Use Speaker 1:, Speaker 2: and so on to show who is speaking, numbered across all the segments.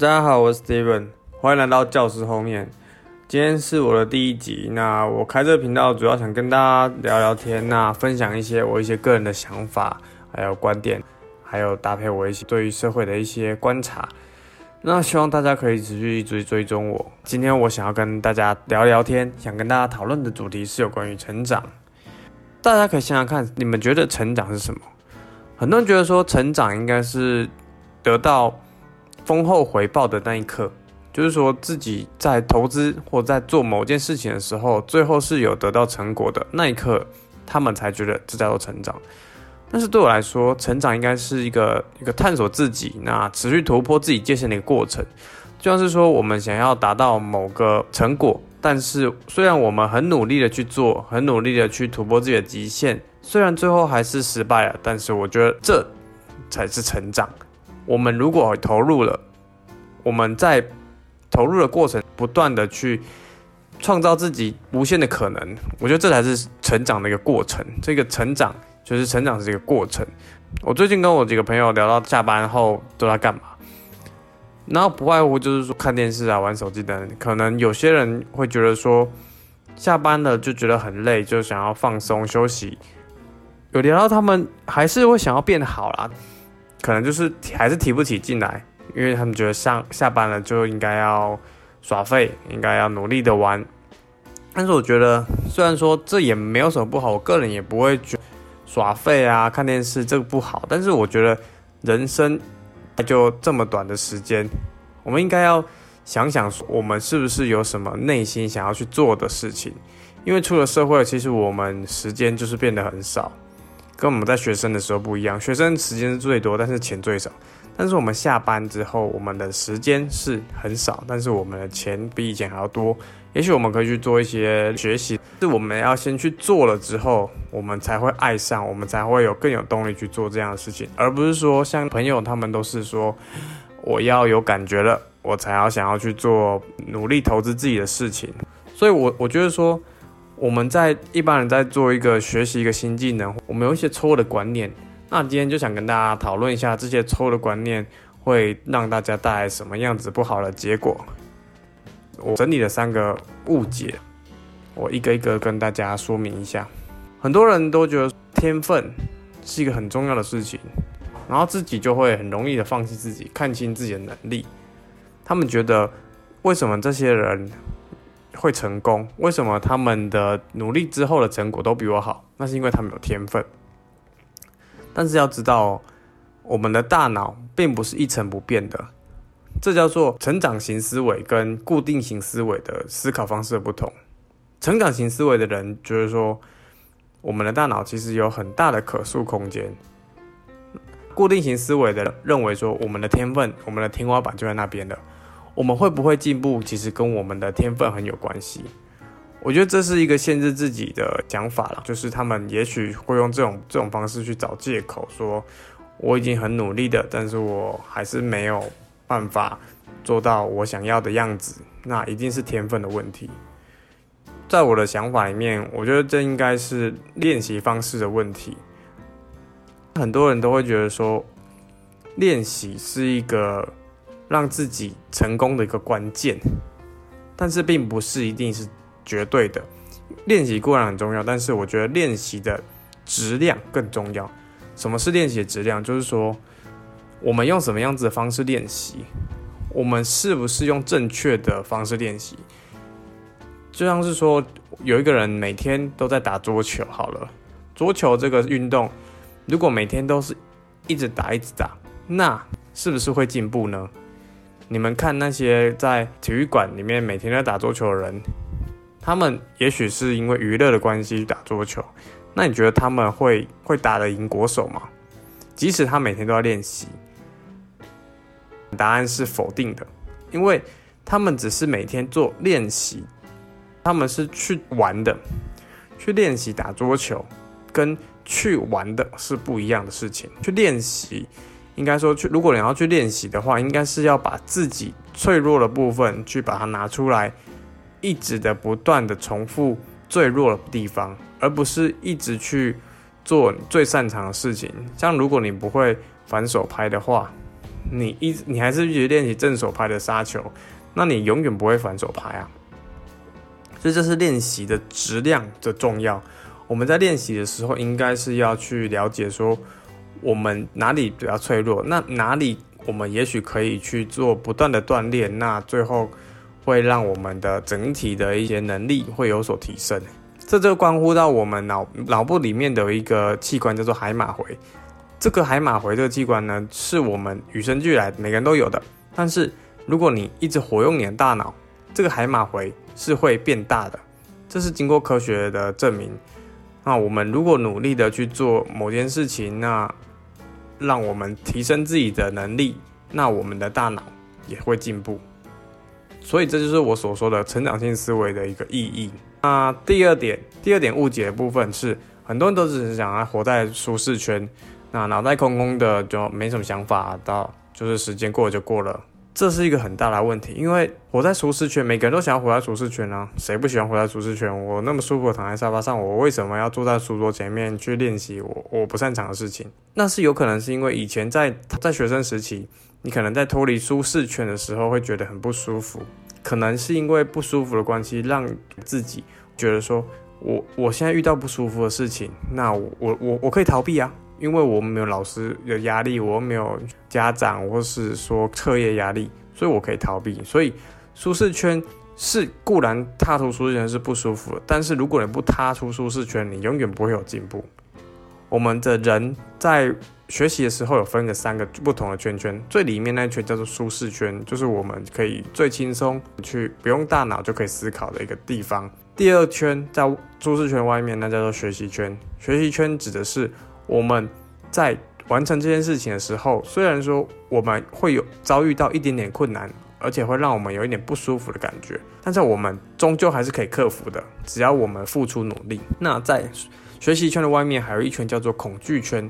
Speaker 1: 大家好，我是 Steven，歡迎來到教室後面。今天是我的第一集，那我開這個頻道主要想跟大家聊聊天，那分享一些我一些個人的想法，還有觀點，還有搭配我一些對於社會的一些觀察。那希望大家可以持續一直追蹤我。今天我想要跟大家聊聊天，想跟大家討論的主題是有關於成長。大家可以想想看，你們覺得成長是什麼？很多人覺得說成長應該是得到豐厚回報的那一刻，就是說自己在投資或在做某件事情的時候，最後是有得到成果的那一刻，他們才覺得這叫做成長。但是對我來說，成長應該是一個一個探索自己、那持續突破自己界限的一個過程。就像是說，我們想要達到某個成果，但是雖然我們很努力的去做，很努力的去突破自己的極限，雖然最後還是失敗了，但是我覺得這才是成長。我們如果投入了，我們在投入的過程，不斷地去創造自己無限的可能，我覺得這才是成長的一個過程。這個成長就是成長的這個過程。我最近跟我幾個朋友聊到下班後都在幹嘛，然後不外乎就是說看電視啊、玩手機等等。可能有些人會覺得說，下班了就覺得很累，就想要放鬆休息。有聊到他們還是會想要變好啦。可能就是還是提不起勁來，因為他們覺得上下班了就應該要耍廢，應該要努力的玩。但是我覺得，雖然說這也沒有什麼不好，我個人也不會覺得耍廢啊、看電視這個不好。但是我覺得，人生就這麼短的時間，我們應該要想想，我們是不是有什麼內心想要去做的事情？因為出了社會，其實我們時間就是變得很少。跟我們在學生的時候不一樣，學生時間是最多，但是錢最少。但是我們下班之後，我們的時間是很少，但是我們的錢比以前還要多。也許我們可以去做一些學習，是我們要先去做了之後，我們才會愛上，我們才會有更有動力去做這樣的事情，而不是說像朋友他們都是說我要有感覺了，我才要想要去做努力投資自己的事情。所以我，我我覺得說，我們在一般人在做一個學習一個新技能，我們有一些錯誤的觀念。那今天就想跟大家討論一下這些錯誤的觀念會讓大家帶來什麼樣子不好的結果。我整理了三個誤解，我一個一個跟大家說明一下。很多人都覺得天分是一個很重要的事情，然後自己就會很容易的放棄自己，看清自己的能力。他們覺得，為什麼這些人？會成功？為什麼他們的努力之後的成果都比我好？那是因為他們有天分。但是要知道，我們的大腦並不是一成不變的。這叫做成長型思維跟固定型思維的思考方式的不同。成長型思維的人就是說，我們的大腦其實有很大的可塑空間。固定型思維的人認為說，我們的天分，我們的天花板就在那邊的。我們會不會進步，其實跟我們的天分很有關係。我覺得這是一個限制自己的講法了，就是他們也許會用這種這種方式去找借口，說我已經很努力的，但是我還是沒有辦法做到我想要的樣子，那一定是天分的問題。在我的想法裡面，我覺得這應該是練習方式的問題。很多人都會覺得說，練習是一個。讓自己成功的一個關鍵，但是並不是一定是絕對的。練習固然很重要，但是我覺得練習的質量更重要。什麼是練習的質量？就是說，我們用什麼樣子的方式練習，我們是不是用正確的方式練習？就像是說，有一個人每天都在打桌球，好了，桌球這個運動，如果每天都是一直打一直打，那是不是會進步呢？你們看那些在體育館裡面每天都在打桌球的人，他們也許是因為娛樂的關係去打桌球，那你覺得他們會會打得贏國手嗎？即使他每天都要練習，答案是否定的，因為他們只是每天做練習，他們是去玩的，去練習打桌球，跟去玩的是不一樣的事情，去練習。應該說，去如果你要去練習的話，應該是要把自己脆弱的部分去把它拿出來，一直的不斷的重複最弱的地方，而不是一直去做最擅長的事情。像如果你不會反手拍的話，你一你還是一直練習正手拍的殺球，那你永遠不會反手拍啊。所以這是練習的質量的重要。我們在練習的時候，應該是要去了解說。我們哪裡比較脆弱？那哪裡我們也許可以去做不斷的鍛鍊，那最後會讓我們的整體的一些能力會有所提升。這就關乎到我們腦腦部裡面的一個器官叫做海馬回。這個海馬回這個器官呢，是我們與生俱來，每個人都有的。但是如果你一直活用你的大腦，這個海馬回是會變大的，這是經過科學的證明。那我們如果努力的去做某件事情，那讓我們提升自己的能力，那我們的大腦也會進步。所以這就是我所說的成長性思維的一個意義。那第二點，第二點誤解的部分是，很多人都只是想要活在舒適圈，那腦袋空空的就沒什麼想法，到，就是時間過了就過了。這是一個很大的問題，因為活在舒適圈，每個人都想要活在舒適圈啊，誰不喜歡活在舒適圈？我那麼舒服的躺在沙發上，我為什麼要坐在書桌前面去練習我我不擅長的事情？那是有可能是因為以前在在學生時期，你可能在脫離舒適圈的時候會覺得很不舒服，可能是因為不舒服的關係，讓自己覺得說，我我現在遇到不舒服的事情，那我我我，我可以逃避啊。因為我沒有老師的壓力，我又沒有家長或是說課業壓力，所以我可以逃避。所以舒適圈是固然踏出舒適圈是不舒服的，但是如果你不踏出舒適圈，你永遠不會有進步。我們的人在學習的時候有分個三個不同的圈圈，最裡面那一圈叫做舒適圈，就是我們可以最輕鬆去不用大腦就可以思考的一個地方。第二圈在舒適圈外面，那叫做學習圈。學習圈指的是。我們在完成這件事情的時候，雖然說我們會有遭遇到一點點困難，而且會讓我們有一點不舒服的感覺，但是我們終究還是可以克服的。只要我們付出努力，那在學習圈的外面還有一圈叫做恐懼圈，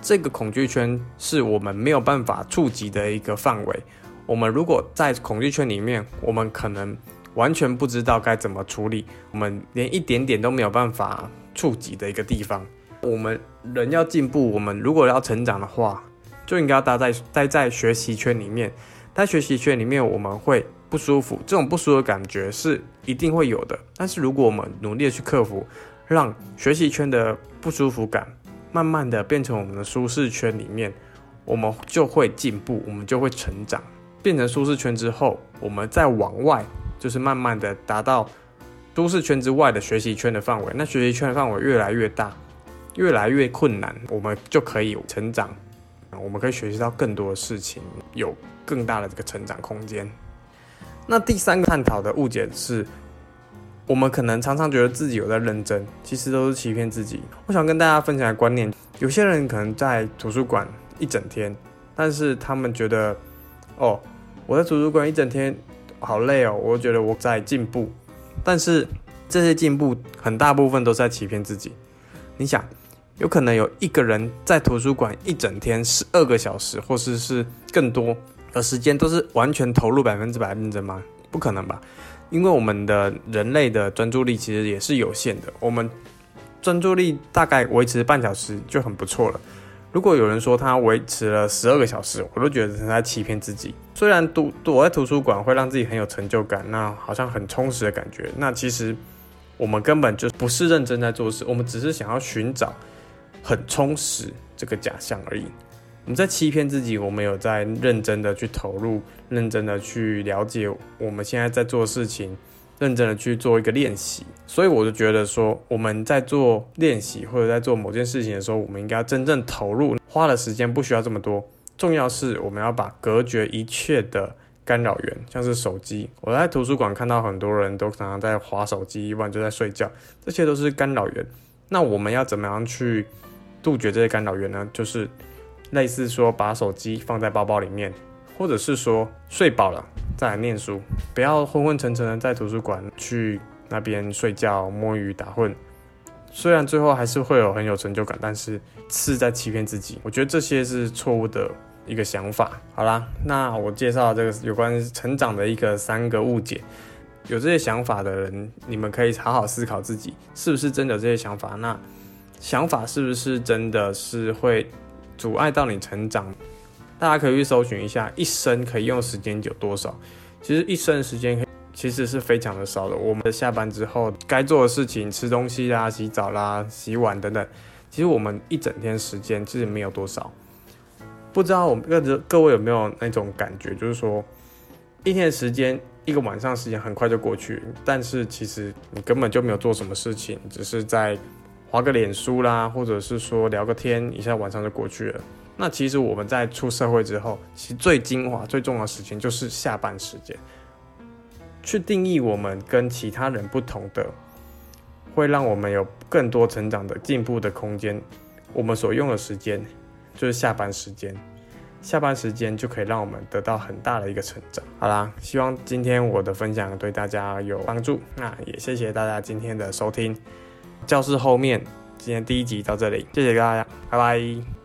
Speaker 1: 這個恐懼圈是我們沒有辦法觸及的一個範圍。我們如果在恐懼圈裡面，我們可能完全不知道該怎麼處理，我們連一點點都沒有辦法觸及的一個地方。我們人要進步，我們如果要成長的話，就應該要待在待在學習圈裡面。待在學習圈裡面，我們會不舒服，這種不舒服的感覺是一定會有的。但是如果我們努力的去克服，讓學習圈的不舒服感慢慢的變成我們的舒適圈裡面，我們就會進步，我們就會成長。變成舒適圈之後，我們再往外，就是慢慢的達到都市圈之外的學習圈的範圍。那學習圈的範圍越來越大。越來越困難，我們就可以有成長，我們可以學習到更多的事情，有更大的這個成長空間。那第三個探討的誤解是，我們可能常常覺得自己有在認真，其實都是欺騙自己。我想跟大家分享的觀念，有些人可能在圖書館一整天，但是他們覺得，哦，我在圖書館一整天，好累哦，我覺得我在進步，但是這些進步很大部分都是在欺騙自己。你想。有可能有一個人在圖書館一整天十二個小時，或是是更多的時間都是完全投入百分之百的認真嗎？不可能吧，因為我們的人類的專注力其實也是有限的，我們專注力大概維持半小時就很不錯了。如果有人說他維持了十二個小時，我都覺得他在欺騙自己。雖然讀躲，躲在圖書館會讓自己很有成就感，那好像很充實的感覺，那其實我們根本就不是認真在做事，我們只是想要尋找。很充實這個假象而已，我們在欺騙自己，我們有在認真的去投入，認真的去了解我們現在在做的事情，認真的去做一個練習。所以我就覺得說，我們在做練習或者在做某件事情的時候，我們應該要真正投入，花的時間不需要這麼多，重要是我們要把隔絕一切的干擾源，像是手機。我在圖書館看到很多人都常常在滑手機，一半就在睡覺，這些都是干擾源。那我們要怎麼樣去？杜絕這些干擾源呢，就是類似說把手機放在包包裡面，或者是說睡飽了再來念書，不要昏昏沉沉的在圖書館去那邊睡覺摸魚打混。雖然最後還是會有很有成就感，但是是在欺騙自己。我覺得這些是錯誤的一個想法。好啦，那我介紹了這個有關成長的一個三個誤解，有這些想法的人，你們可以好好思考自己是不是真的有這些想法。那。想法是不是真的是會阻礙到你成長？大家可以去搜尋一下，一生可以用時間有多少？其實一生時間可以其實是非常的少的。我們下班之後該做的事情，吃東西啦、洗澡啦、洗碗等等，其實我們一整天時間其實沒有多少。不知道我們各各位有沒有那種感覺，就是說一天的時間、一個晚上時間很快就過去，但是其實你根本就沒有做什麼事情，只是在。滑個臉書啦，或者是說聊個天，一下晚上就過去了。那其實我們在出社會之後，其實最精華、最重要的事情就是下班時間，去定義我們跟其他人不同的，會讓我們有更多成長的進步的空間。我們所用的時間就是下班時間，下班時間就可以讓我們得到很大的一個成長。好啦，希望今天我的分享對大家有幫助。那也謝謝大家今天的收聽。教室後面，今天第一集到這裡，謝謝大家，拜拜。